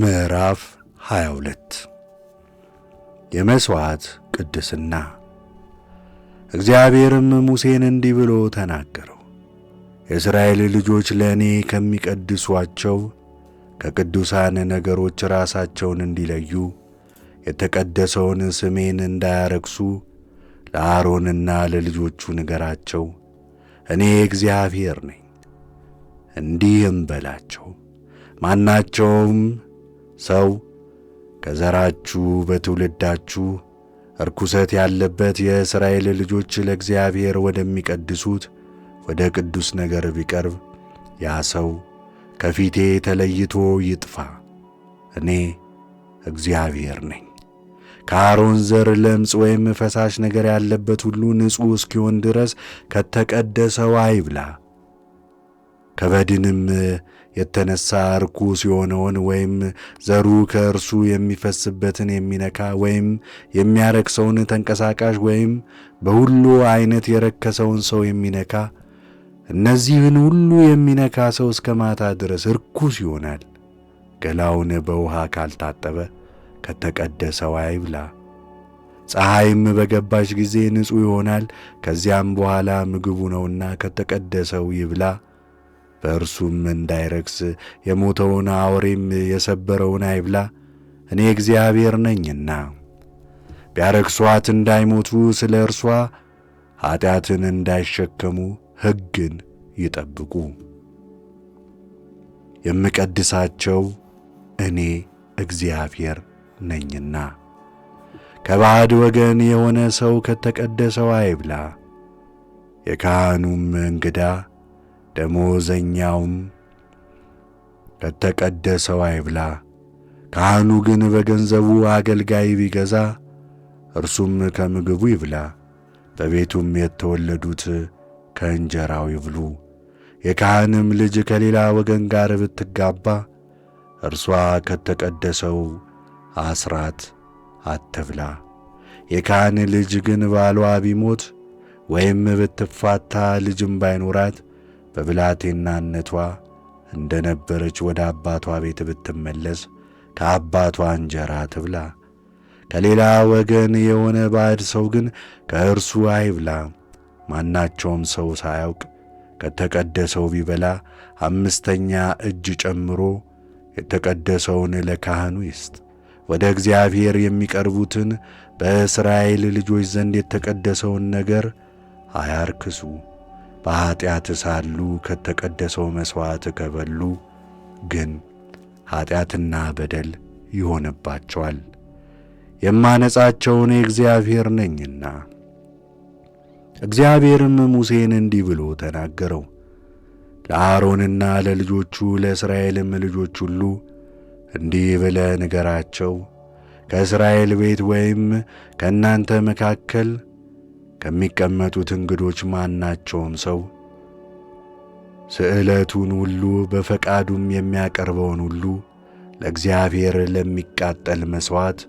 ምዕራፍ 22 የመሥዋዕት ቅድስና። እግዚአብሔርም ሙሴን እንዲህ ብሎ ተናገረው። የእስራኤል ልጆች ለእኔ ከሚቀድሷቸው ከቅዱሳን ነገሮች ራሳቸውን እንዲለዩ የተቀደሰውን ስሜን እንዳያረክሱ ለአሮንና ለልጆቹ ንገራቸው። እኔ እግዚአብሔር ነኝ። እንዲህም በላቸው ማናቸውም ሰው ከዘራችሁ በትውልዳችሁ ርኩሰት ያለበት የእስራኤል ልጆች ለእግዚአብሔር ወደሚቀድሱት ወደ ቅዱስ ነገር ቢቀርብ ያ ሰው ከፊቴ ተለይቶ ይጥፋ። እኔ እግዚአብሔር ነኝ። ከአሮን ዘር ለምጽ ወይም ፈሳሽ ነገር ያለበት ሁሉ ንጹሕ እስኪሆን ድረስ ከተቀደሰው አይብላ። ከበድንም የተነሳ ርኩስ የሆነውን ወይም ዘሩ ከእርሱ የሚፈስበትን የሚነካ ወይም የሚያረክሰውን ተንቀሳቃሽ ወይም በሁሉ አይነት የረከሰውን ሰው የሚነካ እነዚህን ሁሉ የሚነካ ሰው እስከ ማታ ድረስ ርኩስ ይሆናል። ገላውን በውሃ ካልታጠበ ከተቀደሰው አይብላ። ፀሐይም በገባች ጊዜ ንጹሕ ይሆናል። ከዚያም በኋላ ምግቡ ነውና ከተቀደሰው ይብላ። በእርሱም እንዳይረክስ የሞተውን አውሬም የሰበረውን አይብላ። እኔ እግዚአብሔር ነኝና ቢያረክሷት እንዳይሞቱ ስለ እርሷ ኀጢአትን እንዳይሸከሙ ሕግን ይጠብቁ። የምቀድሳቸው እኔ እግዚአብሔር ነኝና ከባዕድ ወገን የሆነ ሰው ከተቀደሰው አይብላ። የካህኑም እንግዳ ደሞዘኛውም ከተቀደሰው አይብላ። ካህኑ ግን በገንዘቡ አገልጋይ ቢገዛ እርሱም ከምግቡ ይብላ። በቤቱም የተወለዱት ከእንጀራው ይብሉ። የካህንም ልጅ ከሌላ ወገን ጋር ብትጋባ እርሷ ከተቀደሰው አስራት አትብላ። የካህን ልጅ ግን ባሏ ቢሞት ወይም ብትፋታ ልጅም ባይኖራት በብላቴናነቷ እንደ ነበረች ወደ አባቷ ቤት ብትመለስ ከአባቷ እንጀራ ትብላ። ከሌላ ወገን የሆነ ባዕድ ሰው ግን ከእርሱ አይብላ። ማናቸውም ሰው ሳያውቅ ከተቀደሰው ቢበላ አምስተኛ እጅ ጨምሮ የተቀደሰውን ለካህኑ ይስጥ። ወደ እግዚአብሔር የሚቀርቡትን በእስራኤል ልጆች ዘንድ የተቀደሰውን ነገር አያርክሱ። በኀጢአት ሳሉ ከተቀደሰው መሥዋዕት ከበሉ ግን ኀጢአትና በደል ይሆንባቸዋል። የማነጻቸውን እግዚአብሔር ነኝና። እግዚአብሔርም ሙሴን እንዲህ ብሎ ተናገረው። ለአሮንና ለልጆቹ ለእስራኤልም ልጆች ሁሉ እንዲህ ብለ ንገራቸው ከእስራኤል ቤት ወይም ከእናንተ መካከል ከሚቀመጡት እንግዶች ማናቸውም ሰው ስዕለቱን ሁሉ በፈቃዱም የሚያቀርበውን ሁሉ ለእግዚአብሔር ለሚቃጠል መሥዋዕት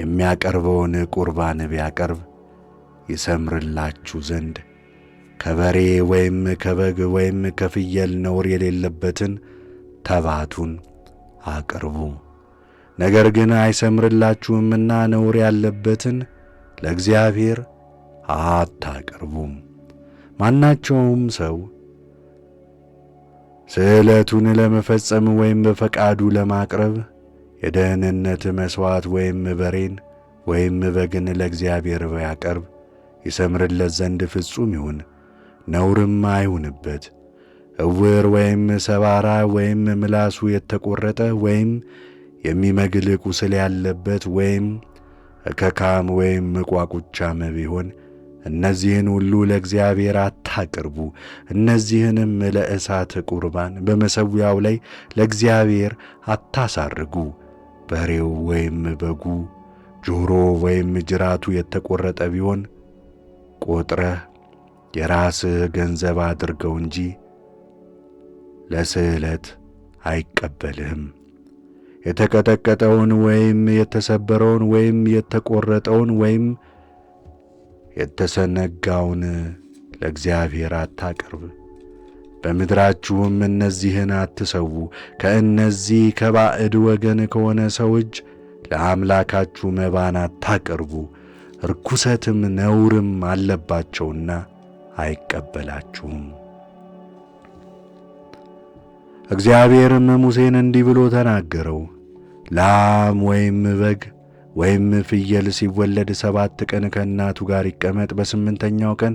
የሚያቀርበውን ቁርባን ቢያቀርብ ይሰምርላችሁ ዘንድ ከበሬ ወይም ከበግ ወይም ከፍየል ነውር የሌለበትን ተባቱን አቅርቡ። ነገር ግን አይሰምርላችሁምና ነውር ያለበትን ለእግዚአብሔር አታቀርቡም። ማናቸውም ሰው ስዕለቱን ለመፈጸም ወይም በፈቃዱ ለማቅረብ የደህንነት መሥዋዕት ወይም በሬን ወይም በግን ለእግዚአብሔር ቢያቀርብ ይሰምርለት ዘንድ ፍጹም ይሁን፣ ነውርም አይሁንበት። እውር ወይም ሰባራ ወይም ምላሱ የተቆረጠ ወይም የሚመግል ቁስል ያለበት ወይም ከካም ወይም ቋቁቻም ቢሆን እነዚህን ሁሉ ለእግዚአብሔር አታቅርቡ። እነዚህንም ለእሳት ቁርባን በመሠዊያው ላይ ለእግዚአብሔር አታሳርጉ። በሬው ወይም በጉ ጆሮ ወይም ጅራቱ የተቈረጠ ቢሆን ቈጥረህ የራስህ ገንዘብ አድርገው እንጂ ለስዕለት አይቀበልህም። የተቀጠቀጠውን ወይም የተሰበረውን ወይም የተቈረጠውን ወይም የተሰነጋውን ለእግዚአብሔር አታቅርብ። በምድራችሁም እነዚህን አትሰዉ። ከእነዚህ ከባዕድ ወገን ከሆነ ሰው እጅ ለአምላካችሁ መባን አታቅርቡ፣ ርኩሰትም ነውርም አለባቸውና አይቀበላችሁም። እግዚአብሔርም ሙሴን እንዲህ ብሎ ተናገረው። ላም ወይም በግ ወይም ፍየል ሲወለድ ሰባት ቀን ከእናቱ ጋር ይቀመጥ። በስምንተኛው ቀን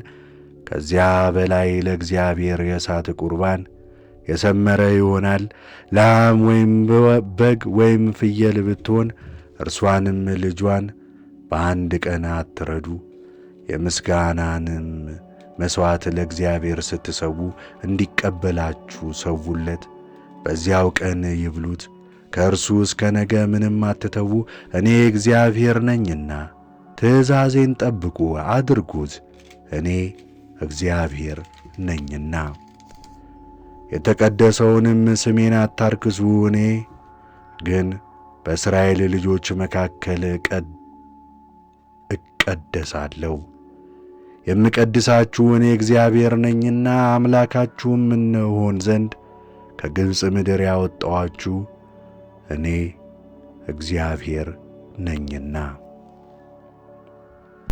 ከዚያ በላይ ለእግዚአብሔር የእሳት ቁርባን የሰመረ ይሆናል። ላም ወይም በግ ወይም ፍየል ብትሆን እርሷንም ልጇን በአንድ ቀን አትረዱ። የምስጋናንም መሥዋዕት ለእግዚአብሔር ስትሰዉ እንዲቀበላችሁ ሰውለት። በዚያው ቀን ይብሉት። ከእርሱ እስከ ነገ ምንም አትተዉ፣ እኔ እግዚአብሔር ነኝና። ትእዛዜን ጠብቁ አድርጉት፣ እኔ እግዚአብሔር ነኝና። የተቀደሰውንም ስሜን አታርክሱ፣ እኔ ግን በእስራኤል ልጆች መካከል እቀደሳለሁ። የምቀድሳችሁ እኔ እግዚአብሔር ነኝና አምላካችሁም እንሆን ዘንድ ከግብፅ ምድር ያወጣኋችሁ እኔ እግዚአብሔር ነኝና